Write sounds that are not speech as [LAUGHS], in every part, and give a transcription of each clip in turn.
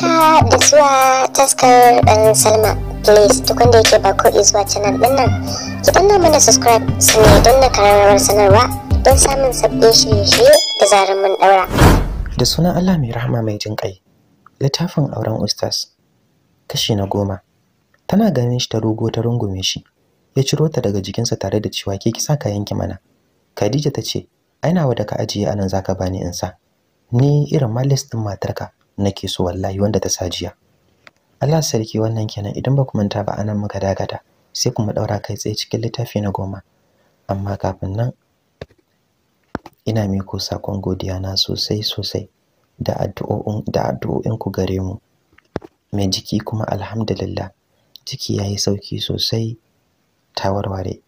haka da zuwa taskar dan salma please duk wanda yake ba ko zuwa canal din nan ki danna mana subscribe su ne don na kararrawar sanarwa don samun sabbin shirye-shirye da zarar mun daura da sunan allah mai rahama mai jin kai littafin auren ustas kashi na goma tana ganin shi ta rugo ta rungume shi ya ciro ta daga jikinsa tare da cewa ke kisa ka yanke mana khadija ta ce ainawa da ka ajiye anan zaka bani in sa ni irin malis din matarka nake so wallahi wanda ta sajiya Allah sarki wannan kenan idan ba ku manta ba anan muka dakata sai kuma daura kai tsaye cikin littafi na goma amma kafin nan ina miko sakon godiya na sosai sosai da addu'o'in da addu'o'in ku gare mu mai jiki kuma alhamdulillah ciki yayi sauki sosai tawarware warware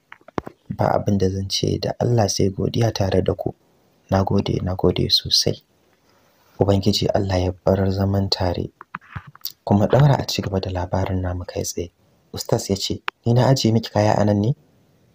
ba abin da zan ce da Allah sai godiya tare da ku nagode nagode sosai ubangiji Allah ya bar zaman tare kuma daura a ci gaba da labarin namu kai tsaye ustaz ya ce ni na ajiye miki kaya anan ne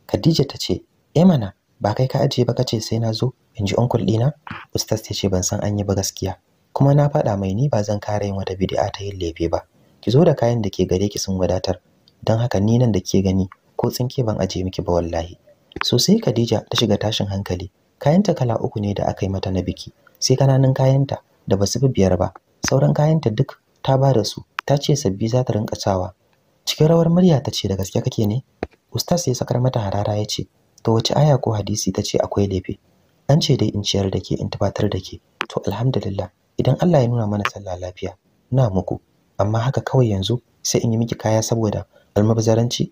Khadija ta ce eh mana ba kai ka ajiye ba kace sai na zo in ji uncle dina ustaz ya ce ban san an yi ba gaskiya kuma na faɗa mai ni ba zan kare yin wata bid'a ta yin lefe ba ki zo da kayan da ke gare ki sun wadatar don haka ni nan da ke gani ko tsinke ban aje miki ba wallahi so sai Khadija ta shiga tashin hankali kayanta kala uku ne da aka yi mata na biki sai kananan kayanta da basu bi biyar ba sauran kayanta duk ta ba da su ta ce sabbi za ta rinka cawa cikin rawar murya ta ce da gaske kake ne ustaz ya sakar mata harara ya ce to wace aya ko hadisi ta ce akwai laifi? an ce dai in ciyar da ke in tabbatar da ke to alhamdulillah idan Allah ya nuna mana sallah lafiya na muku amma haka kawai yanzu sai in yi miki kaya saboda almabzaranci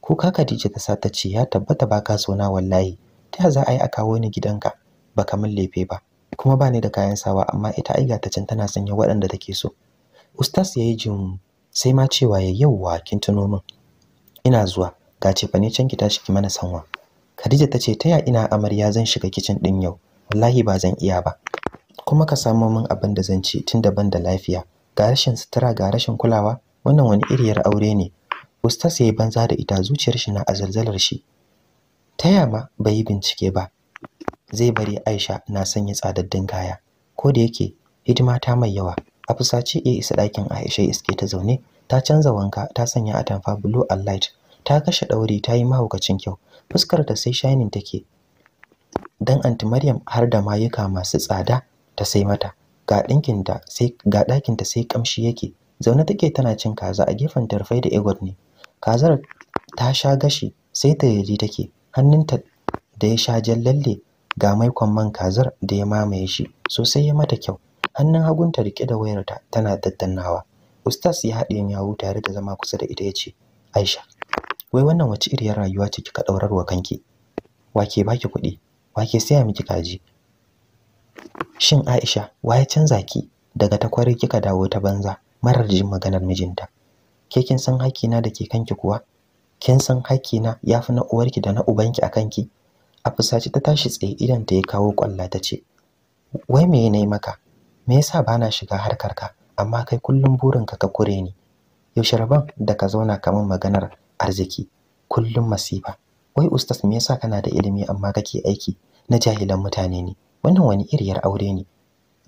ko ka Khadija ta sa ta ce ya tabbata ba ka so wallahi ta za a yi a kawo ni gidanka ba kamar laifi ba kuma ba ni da kayan sawa amma ita ai ta can tana sanya waɗanda take so ustaz yayi jin sai ma cewa ya yauwa kin tuno min ina zuwa ga ce ne can ki tashi ki mana sanwa Khadija ta ce taya ina amarya zan shiga kicin din yau wallahi ba zan iya ba kuma ka samo min abin da zan ci tun ban da lafiya ga rashin sutura ga rashin kulawa wannan wani iriyar aure ne ustaz yayi banza da ita zuciyar shi na azalzalar shi taya ma bai yi bincike ba zai bari Aisha na sanya tsadaddin kaya ko da yake hidima ta mai yawa a fusace ya isa ɗakin Aisha iske ta zaune ta canza wanka ta sanya atamfa blue and light ta kashe ɗauri ta yi mahaukacin kyau fuskar ta sai shining take dan anti Maryam har da mayuka masu tsada ta sai mata ga ta sai ga ɗakinta sai kamshi yake zaune take tana cin kaza a gefen tarfai da egot ne kazar ta sha gashi sai ta yaji take hannunta da ya sha jan lalle ga maikon man kazar da ya mamaye shi sosai ya mata kyau hannun hagunta rike da wayarta tana daddannawa ustaz ya haɗe yawo tare da zama kusa da ita ya ce aisha wai wannan wace iriyar rayuwa ce kika ɗaurar kanki wake baki kuɗi wake saya miki kaji shin aisha waye canza ki daga ta kwarai kika dawo ta banza marar jin maganar mijinta ke kin san hakkina da ke kanki kuwa kin san hakkina yafi na uwarki da na ubanki a kanki? a fusace ta tashi tsaye idan ta ya kawo kwalla ta ce wai me ne maka me yasa bana shiga harkar ka amma kai kullum burinka ka kure ni yaushe rabon da ka zauna kamar maganar arziki kullum masifa wai Ustas me yasa kana da ilimi amma kake aiki na jahilan mutane ne wannan wani iriyar aure ne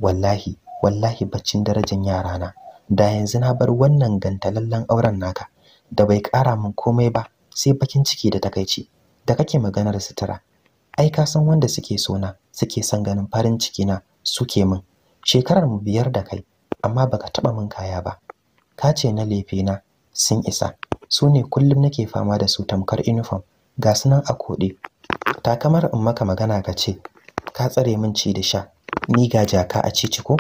wallahi wallahi baccin darajar na da yanzu na bar wannan gantalallen auren naka da bai kara min komai ba sai bakin ciki da takaici da kake maganar sutura ai ka san wanda suke so na suke son ganin farin ciki na suke min shekarar mu biyar da kai amma baka taba min kaya ba ka ce na lefe na sun isa su ne kullum nake fama da su tamkar uniform ga su nan a koɗe kamar in maka magana ka ce ka tsare min ci da sha ni ga jaka a cici ko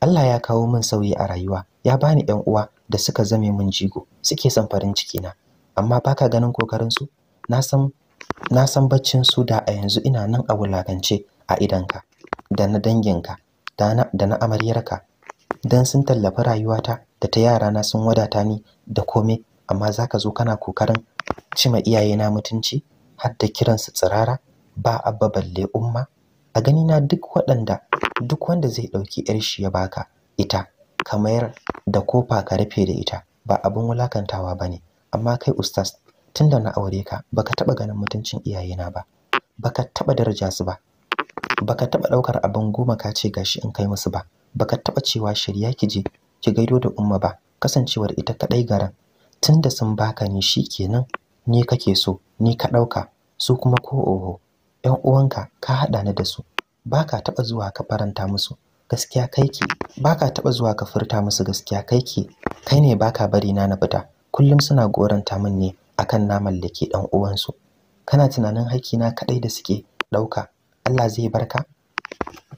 Allah ya kawo min sauyi a rayuwa ya bani ɗan uwa da suka zame min jigo suke son farin ciki na amma baka ganin kokarin su na san na san baccin su da a yanzu ina nan a wulakance a idanka da na danginka da na amaryarka dan sun tallafi rayuwata da ta yarana sun wadata ni da komai amma zaka zo kana kokarin cima iyayena mutunci har da kiransu tsirara ba abba balle umma a gani na duk waɗanda duk wanda zai ɗauki yar shi ya baka ita kamar da kofa ka rufe da ita ba abin wulakantawa bane amma kai ustas. Tun da na aure ka baka taba ganin mutuncin iyayena ba baka taba daraja su ba baka taba daukar abin goma ka ce gashi in kai musu ba baka taba cewa shirya ki je ki gaido da umma ba kasancewar ita kadai garan tunda sun baka ni shi shikenan ni kake so ni ka dauka su kuma ko oho yan uwanka ka hada ni da su baka taba zuwa ka faranta musu gaskiya kai ke baka taba zuwa ka furta musu gaskiya kai ke kai ne baka bari na na fita kullum suna goranta min ne akan na mallaki dan uwansu kana tunanin haƙina kadai da suke dauka Allah zai barka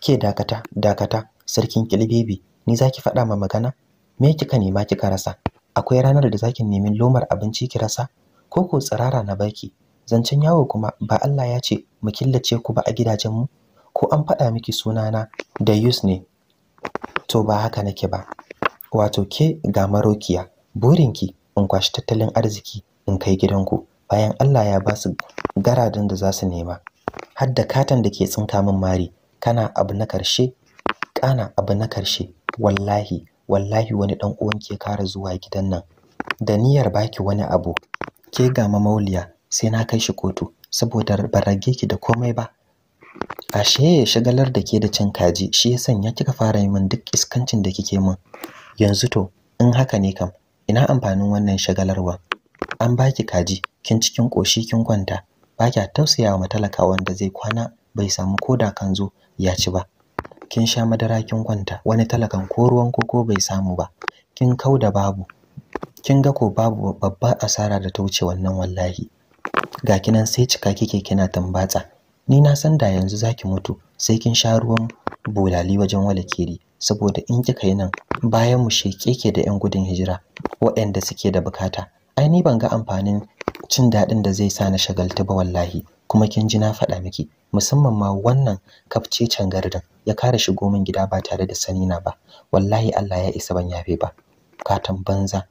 ke dakata dakata sarkin kilbebi, ni zaki faɗa ma magana me kika nema kika rasa akwai ranar da zaki nemi lomar abinci ki rasa ko ko tsirara na baki zancen yawo kuma ba Allah ya ce mu killace ku ba a gidajen mu? ko an faɗa miki sunana da Yus ne to ba haka nake ba wato ke ga marokiya burinki in kwashi tattalin arziki in kai gidanku bayan Allah ya ba su garadin da za su nema har da katon da ke tsinka min mari kana abu na karshe kana abu na karshe wallahi wallahi wani dan uwan ke kara zuwa gidan nan da niyyar baki wani abu ke ga mamauliya sai na kai shi kotu saboda ba rage ki da komai ba ashe ya shagalar da ke da cin kaji shi ya sanya kika fara yi min duk iskancin da kike min yanzu to in haka ne kam ina amfanin wannan shagalarwa an baki kaji kin cikin koshi kin kwanta ba kya tausayawa matalaka wanda zai kwana bai samu koda kan zo ya ci ba kin sha madara kin kwanta wani talakan ko ruwan koko bai samu ba kin kauda babu kin ga ko babu babbar asara da ta wuce wannan wallahi ga kinan sai cika kike kina tambatsa ni na san da yanzu zaki mutu sai kin sha ruwan bulali wajen walakiri saboda in kika yi nan bayan mu sheke ke da yan gudun hijira waɗanda suke da bukata ai ni ban ga amfanin cin daɗin da zai sa na shagaltu ba wallahi kuma kin ji na faɗa miki musamman ma wannan kafcecen gardin ya kare shigo min gida ba tare da sani na ba wallahi Allah ya isa ban yafe ba katan banza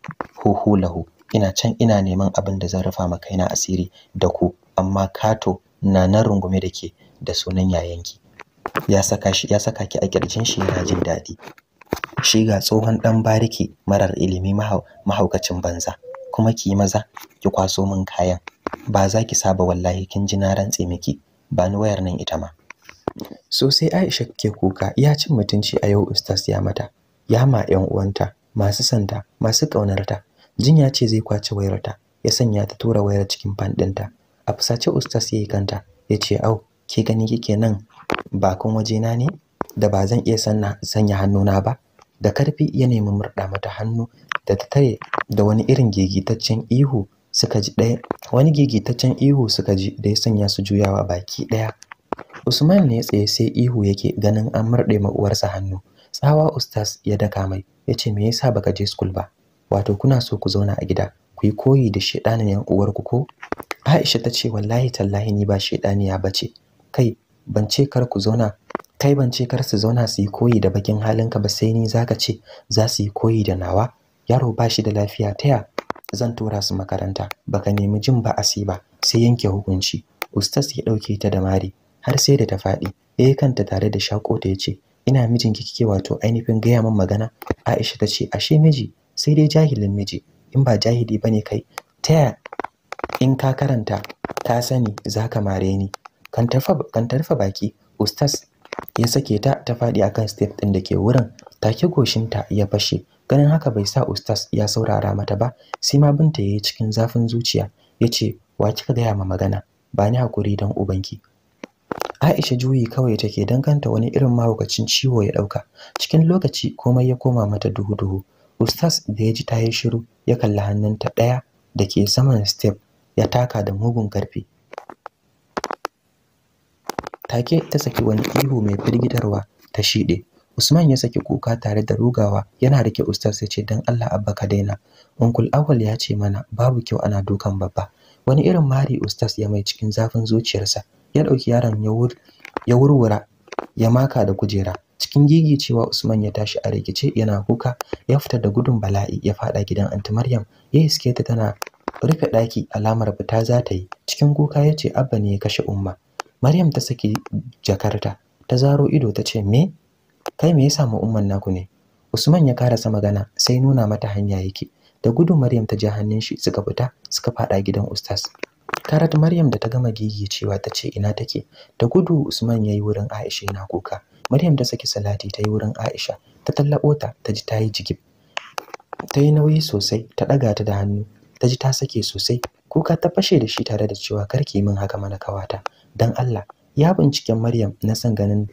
huhu lahu ina can ina neman abin da zan rufa ma kaina asiri da ku amma kato na nan rungume da ke da sunan yayanki ya saka shi ya saka ki a kirjin shi yana jin daɗi shi ga tsohon dan bariki marar ilimi mahaukacin banza kuma ki yi maza ki kwaso min kayan ba za ki saba wallahi kin ji na rantse miki ba ni wayar nan ita ma so sai Aisha ke kuka ya cin mutunci a yau ustaz ya mata ya ma uwanta masu santa masu ƙaunarta ya ce zai kwace wayarta ya sanya ta tura wayar cikin fan ɗinta a fusace ustaz yayi kanta ya ce au ke gani kike nan ba kun waje na ne da ba zan iya sanna sanya hannuna ba da karfi ya nemi murda mata hannu da ta tare da wani irin gigitaccen ihu suka ji ɗaya wani gigitaccen ihu suka ji da ya sanya su juyawa baki ɗaya Usman ne tsaye sai ihu yake ganin an murɗe ma uwarsa hannu tsawa ustaz ya daka mai ya ce me yasa baka je school ba wato kuna so ku zauna a gida ku yi koyi da shedanin yan uwarku ko Aisha ta ce wallahi tallahi ni ba shedaniya bace kai ban ce kar ku zauna kai ban ce kar su zauna su yi koyi da bakin halinka ba sai ni zaka ce za su yi koyi da nawa yaro ba shi da lafiya taya zan tura su makaranta baka nemi jin ba asi ba sai yanke hukunci ustas ya dauke ta da mari har sai da ta faɗi yayi kanta tare da shako ta yace ina mijinki kike wato ainihin gaya min magana Aisha ta ce ashe miji sai dai jahilin miji in ba jahili bane kai taya in ka karanta ta sani zaka mare ni kan tarfa kan tarfa baki ustas ya sake ta ta faɗi akan step ɗin da ke wurin take goshinta ya fashe ganin haka bai sa Ustas ya saurara mata ba sai ma binta yayi cikin zafin zuciya yace wa kika gaya ma magana ba ni hakuri dan ubanki Aisha juyi kawai take danganta wani irin mahaukacin ciwo ya dauka cikin lokaci komai ya koma mata duhu duhu Ustas da ya ji ta yi shiru ya kalli hannunta daya da ke saman step ya taka da mugun karfi take ta saki wani ihu mai firgitarwa ta shide Usman ya saki kuka tare da rugawa yana rike ustaz ya ce dan Allah abba ka daina. Unkul Awal ya ce mana babu kyau ana dukan babba. Wani irin mari ustas ya mai cikin zafin zuciyarsa. Ya dauki yaron ya wurwura ya maka da kujera. Cikin gigi cewa Usman ya tashi a rikice yana kuka ya fita da gudun bala'i ya fada gidan Aunty Maryam ya iske ta tana rufe daki alamar fita za ta yi. Cikin kuka ya ce abba ne ya kashe umma. Maryam ta saki jakarta ta zaro ido ta ce me kai me yasa mu umman naku ne Usman ya karasa magana sai nuna mata hanya yake da gudu Maryam ta ja hannun shi suka fita suka fada gidan ustaz Karat Maryam da ta gama gigi cewa ta ce ina take da gudu Usman yayi wurin Aisha yana kuka Maryam ta saki salati ta yi wurin Aisha ta tallabo ta ta ji ta yi jigib ta yi nauyi sosai ta daga ta da hannu ta ji ta sake sosai kuka ta fashe da shi tare da cewa karki min haka mana kawata dan Allah ya binciken Maryam na san ganin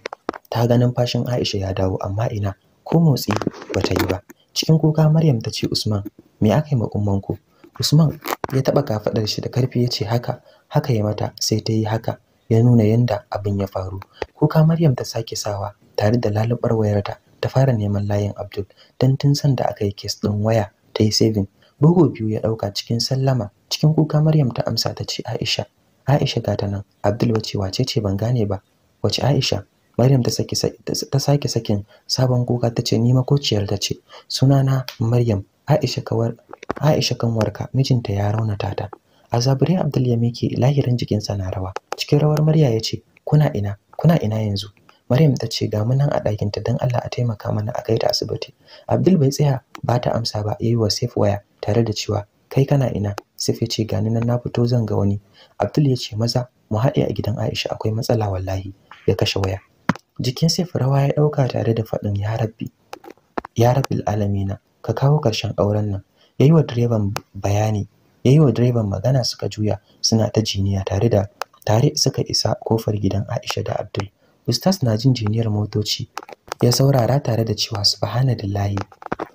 ta ga numfashin Aisha ya dawo amma ina ko motsi bata yi ba cikin kuka Maryam ta ce Usman me aka yi ma ku Usman ya taba kafadar shi da karfi ya ce haka haka ya mata sai ta yi haka ya nuna yanda abin ya faru kuka Maryam ta sake sawa tare da lalubar wayarta ta fara neman layin Abdul dan tun san da aka yi kes din waya ta yi saving bugu biyu ya dauka cikin sallama cikin kuka Maryam ta amsa ta ce Aisha Aisha ga ta nan Abdul wace wace ce ban gane ba wace Aisha Maryam ta sake sakin sabon kuka ta ce ni makociyar ta ce sunana Maryam Aisha kawar Aisha kanwarka mijinta ya raunata ta a zabirin Abdul ya miki lahirin jikinsa na rawa cikin rawar Maryam ya ce kuna ina kuna ina yanzu Maryam ta ce ga mu nan a ɗakin ta don Allah a taimaka mana a kai ta asibiti Abdul bai tsaya ba ta amsa ba yayi wa safe waya tare da cewa kai kana ina Sif yace ce gani nan na fito zan ga wani Abdul ya ce maza mu haɗe a gidan Aisha akwai matsala wallahi ya kashe waya jikin sai furawa ya dauka tare da fadin ya rabbi ya rabbil alamina ka kawo karshen auren nan yayi wa direban bayani yayi wa direban magana suka juya suna ta jiniya tare da tare suka isa kofar gidan Aisha da Abdul Ustaz na jin jiniyar motoci ya saurara tare da cewa subhanallahi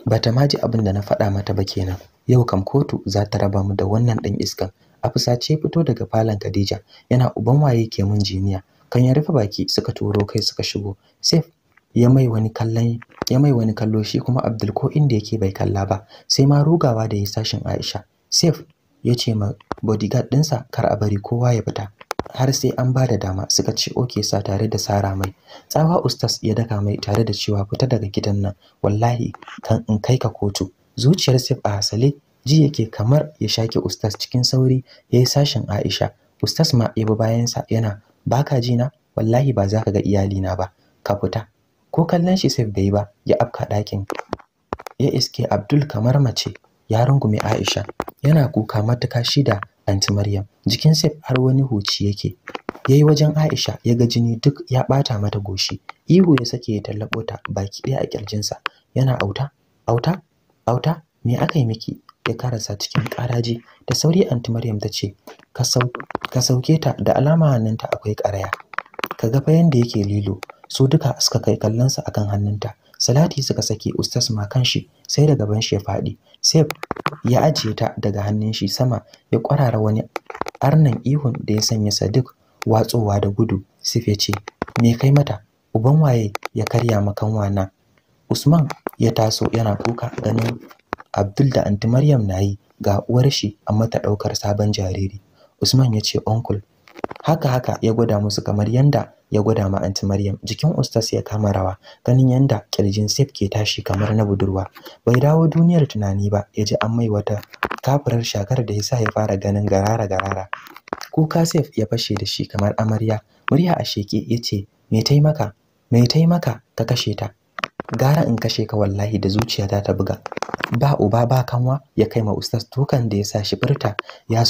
bata ma ji abin da na faɗa mata ba kenan yau kam kotu za ta raba mu da wannan din iskan a fusace fito daga falon Khadija yana uban waye ke mun jiniya kan ya rufe baki suka turo kai suka shigo sai ya mai wani kallon ya mai wani kallo shi kuma Abdul ko inda yake bai kalla ba sai ma rugawa da ya sashin Aisha sai ya ce ma bodyguard dinsa kar a bari kowa ya fita har sai an ba da dama suka ce oke sa tare da sara mai tsawa ustas ya daka mai tare da cewa fita daga gidan nan wallahi kan in kai ka kotu zuciyar sai a hasale ji yake kamar ya shake ustas cikin sauri ya yi sashin aisha ustas ma ya bi bayansa yana ba ka ji na wallahi ba za ka ga iyali na ba ka fita ko kallon shi sai bai ba ya afka ɗakin ya iske abdul kamar mace ya rungume aisha yana kuka matuka shida anti maryam jikin sai har wani huci yake yayi wajen aisha ya ga jini duk ya bata mata goshi ihu ya sake ya tallabo ta baki ɗaya a kirjinsa yana auta auta auta me aka yi miki ya karasa cikin ƙaraji da sauri anti Maryam ta ce ka sauke ta da alama hannunta akwai karaya ka ga fa yanda yake lilo su duka suka kai kallon sa akan hannunta Salati suka saki ustas ma shi, sai da gaban shi ya faɗi sai ya ajiye ta daga hannun shi sama ya kwarara wani arnan ihun da ya sanya Sadiq watsowa da gudu sif ya ce me kai mata uban waye ya karya makan wana Usman ya taso yana kuka ganin Abdul da Anti Maryam na yi ga uwar shi an mata ɗaukar sabon jariri. Usman ya ce uncle haka haka ya gwada musu kamar yanda ya gwada ma anti Maryam jikin ustas ya kama rawa ganin yanda kirjin Saif ke tashi kamar na budurwa bai dawo duniyar tunani ba ya ji an mai wata kafirar shakar da yasa ya fara ganin garara garara kuka Saif ya fashe da shi kamar amarya murya a sheke yace me tai maka me tai ka kashe ta gara in kashe ka wallahi da zuciyata ta buga ba uba ba kanwa ya kai ma ustaz dukan da ya sa shi furta ya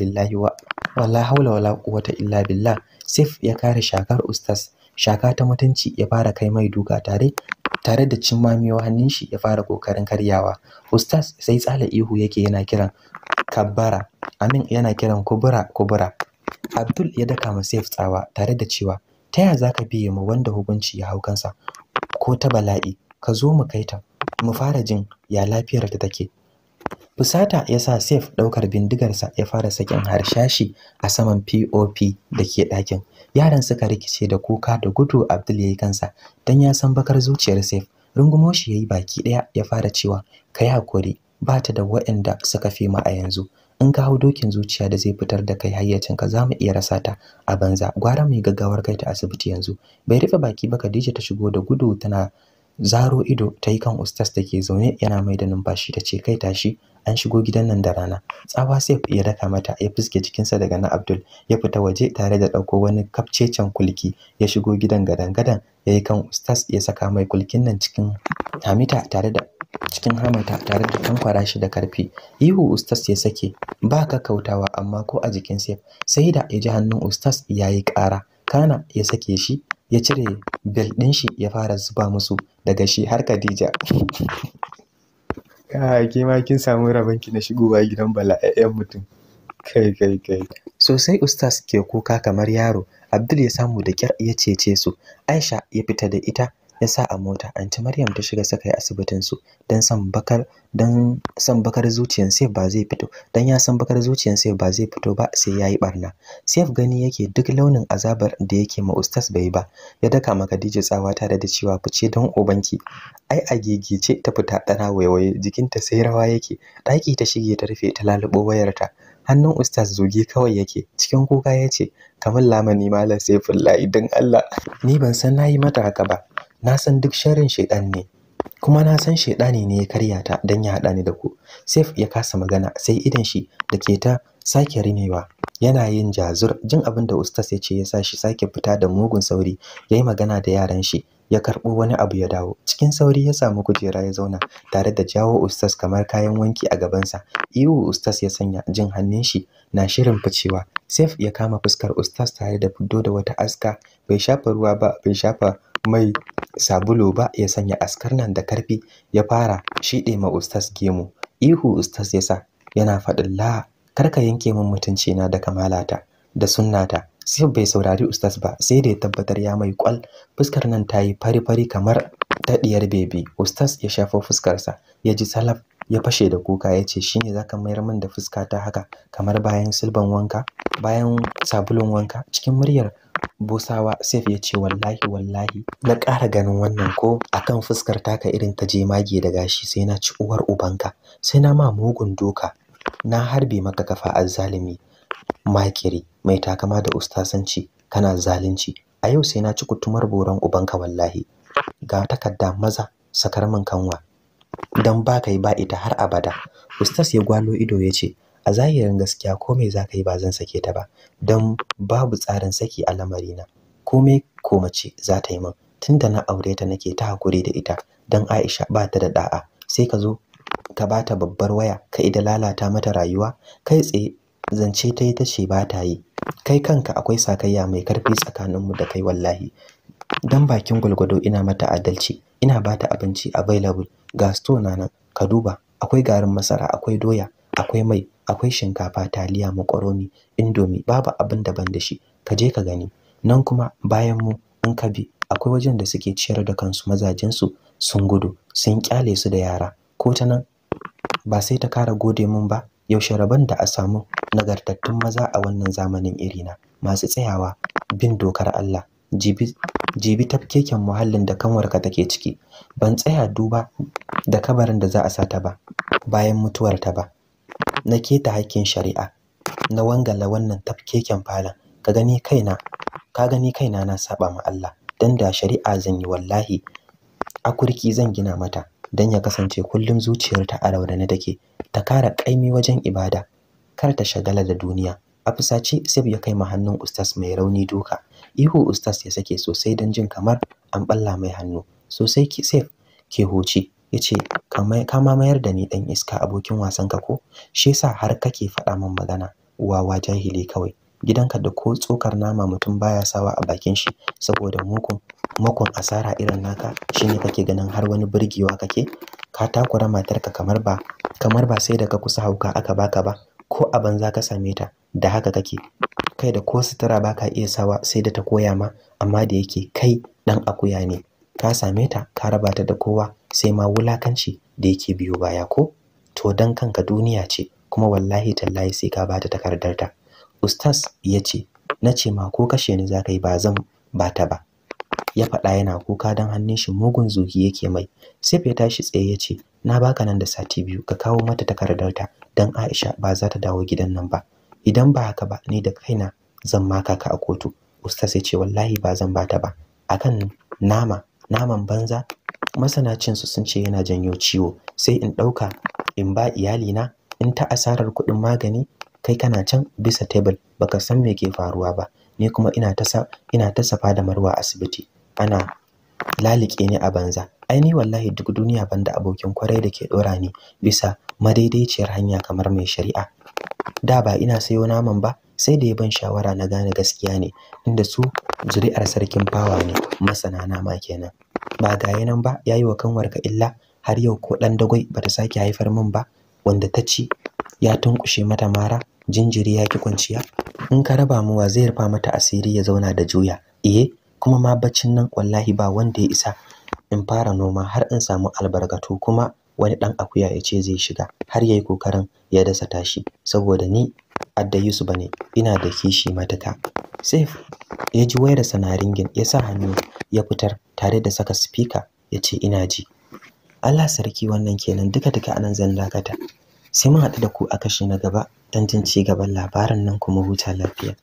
lillahi wa wala haula wala quwwata illa billah sif ya kare shakar ustaz shaka ta mutunci ya fara kai mai duka tare tare da mamiyo hannun shi ya fara kokarin karyawa ustaz sai tsala ihu yake yana kiran kabbara amin yana kiran kubura kubura abdul ya daka ma sif tsawa tare da cewa ta yaya zaka biye mu wanda hukunci ya haukansa ko ta bala'i ka zo mu kaita mu fara jin ya lafiyar ta take fusata ya sa safe ɗaukar bindigarsa ya fara sakin harshashi a saman pop da ke ɗakin yaran suka rikice da kuka da gudu abdul ya yi kansa don ya san bakar zuciyar safe rungumoshi shi ya yi baki ɗaya ya fara cewa ka yi hakuri ba ta da waɗanda suka fi mu a yanzu in ka hau dokin zuciya da zai fitar da kai hayyacinka za mu iya rasa ta a banza gwara mai gaggawar kai ta asibiti yanzu bai rufe baki ba Khadija ta shigo da gudu tana zaro ido ta yi kan ustas da ke zaune yana mai da numfashi ta ce kai tashi an shigo gidan nan da rana tsawa sai ya daka mata ya fuske jikinsa daga na abdul ya fita waje tare da ɗauko wani kafcecen kulki ya shigo gidan gadan-gadan ya yi kan ustas ya saka mai kulkin nan cikin hamita tare da cikin hamata tare da tankwara shi da karfi ihu ustas ya sake ba ka kautawa amma ko a jikin sai sai da ya ji hannun ustas ya yi ƙara kana ya sake shi ya cire bel ɗin shi ya fara zuba musu daga shi har Khadija [LAUGHS] kai ke ma kin samu rabanki na shigowa gidan bala 'yan mutum kai kai kai sosai ustaz ke kuka kamar yaro Abdul ya samu da kyar ya cece su Aisha ya fita da ita ya sa a mota anti Maryam ta shiga ya asibitin su dan san bakar dan san bakar zuciyar sai ba zai fito dan ya san bakar zuciyar sai ba zai fito ba sai yayi barna Saif gani yake duk launin azabar da yake ma ustaz bai ba ya daka ma Khadija tsawa ta da cewa fice dan ubanki ai a gegece ta fita tana waiwaye jikinta sai rawa yake daki ta shige ta rufe ta lalubo wayarta hannun ustaz zoge kawai yake cikin kuka yace kamar lamani malam Saifullahi dan Allah ni ban san nayi mata haka ba na san duk sharrin shaidan ne kuma na san shaidani ne ya karya ta dan ya haɗa ni da ku saif ya kasa magana sai idan shi da ke ta sake rinewa yana yin jazur jin abin da ustas ya ce ya sa shi sake fita da mugun sauri ya yi magana da yaran shi ya karɓo wani abu ya dawo cikin sauri ya samu kujera ya zauna tare da jawo ustas kamar kayan wanki a gabansa ihu ustas ya sanya jin hannun shi na shirin ficewa saif ya kama fuskar ustaz tare da fido da wata aska bai shafa ruwa ba bai shafa mai sabulu ba ya sanya askar nan da karfi ya fara shiɗe ma ustaz gemu ihu ustaz ya sa yana faɗin la kar ka yanke min mutunci na da kamalata da sunnata Saif bai saurari ustaz ba sai da ya tabbatar ya mai kwal fuskar nan ta yi fari-fari kamar taɗiyar bebi ustaz ya shafa fuskarsa ya ji salaf ya fashe da kuka ya ce shine zaka mayar min da fuska ta haka kamar bayan silban wanka bayan sabulun wanka cikin muryar busawa. saif ya ce wallahi wallahi na ƙara ganin wannan ko akan fuskar taka irin ta je jemage da gashi sai na ci uwar ubanka sai na ma mugun doka na harbe maka kafa azzalimi makiri mai takama da ustasanci kana zalunci a yau sai na ci kutumar boran ubanka wallahi ga takarda maza sakar min kanwa don ba ka yi ba ita har abada ustas ya gwalo ido ya ce a zahirin gaskiya komai za ka yi ba zan sake ta ba don babu tsarin saki a lamarina komai ko mace za ta yi min tunda na aure ta nake ta hakuri da ita don aisha ba ta da da'a sai ka zo ka ba ta babbar waya ka ida lalata mata rayuwa kai tsaye zance ta yi ta ce ba ta yi kai kanka akwai sakayya mai karfi tsakaninmu da kai wallahi dan bakin gwalgwado ina mata adalci ina bata abinci available ga store nan ka duba akwai garin masara akwai doya akwai mai akwai shinkafa taliya makaroni indomi babu abin da ban da shi ka je ka gani nan kuma bayan mu in ka bi akwai wajen da suke ciyar da kansu mazajensu sun gudu sun kyale su da yara ko ta nan ba sai ta kara gode mun ba yaushe rabon da a samu nagartattun maza a wannan zamanin irina masu tsayawa bin dokar Allah jibi tafkeken muhallin da kanwarka take ciki ban tsaya duba da kabarin da za a sata ba bayan mutuwarta ba na keta hakkin shari'a na wangala wannan tafkeken falon ka gani kaina ka gani kaina na saba ma Allah dan da shari'a zan yi wallahi akurki zan gina mata dan ya kasance kullum zuciyarta a ne take ta kara kaimi wajen ibada kar ta shagala da duniya afisaci sai ya kai ma hannun ustas mai rauni duka ihu ustas ya sake sosai don jin kamar an balla mai hannu sosai ki safe ke hoci ya ce ka ma mayar da ni dan iska abokin wasanka ko shi yasa har kake faɗa min magana wawa jahili kawai gidanka da ko tsokar nama mutum baya sawa a bakin shi saboda mukun makon asara irin naka shine kake ganin har wani burgewa kake ka takura matarka kamar ba kamar ba sai da ka kusa hauka aka baka ba ko a banza ka same ta da haka kake kai da ko sutura baka iya sawa sai da ta koya ma amma da yake kai dan akuya ne ka same ta ka raba ta da kowa sai ma wulakanci da yake biyo baya ko to dan kanka duniya ce kuma wallahi tallahi sai ka ta takardar ta Ustas ya ce na ce ma ko kashe ni zaka yi ba zan ba ta ba ya faɗa yana kuka don hannun shi mugun zugi yake mai sai ya tashi tsaye ya ce na baka nan da sati biyu ka kawo mata takardar ta, don Aisha ba za ta dawo gidan nan ba idan ba haka ba ni da kaina zan maka ka a kotu usta sai ce wallahi ba zan bata ba akan nama naman banza masana su sun ce yana janyo ciwo sai in ɗauka in ba iyali na in ta asarar kuɗin magani kai kana can bisa table baka san me ke faruwa ba ni kuma ina ta ina ta safa da marwa asibiti ana lalike ni a banza ai ni wallahi duk duniya banda abokin kwarai da ke dora ni bisa madaidaiciyar hanya kamar mai shari'a da ba ina sayo naman ba sai da ya ban shawara na gane gaskiya ne inda su zuri'ar sarkin fawa ne masana nama kenan ba gaya nan ba ya yi wa kanwarka illa har yau ko ɗan dagwai bata sake haifar min ba wanda ta ci ya tunkushe mata mara jinjiri ya ki kwanciya in ka raba mu wa zai rufa mata asiri ya zauna da juya iye eh, kuma ma baccin nan wallahi ba wanda ya isa in fara noma har in samu albarkatu kuma wani ɗan akuya ya ce zai shiga har yayi kokarin ya dasa tashi saboda ni adda Yusuf bane ina da kishi matuka Saif ya ji wayar sana ringin ya sa hannu ya fitar tare da saka speaker ya ce ina ji Allah sarki wannan kenan duka duka anan zan dakata sai mun haɗu da ku a kashi na gaba dan jin ci gaban labarin nan kuma huta lafiya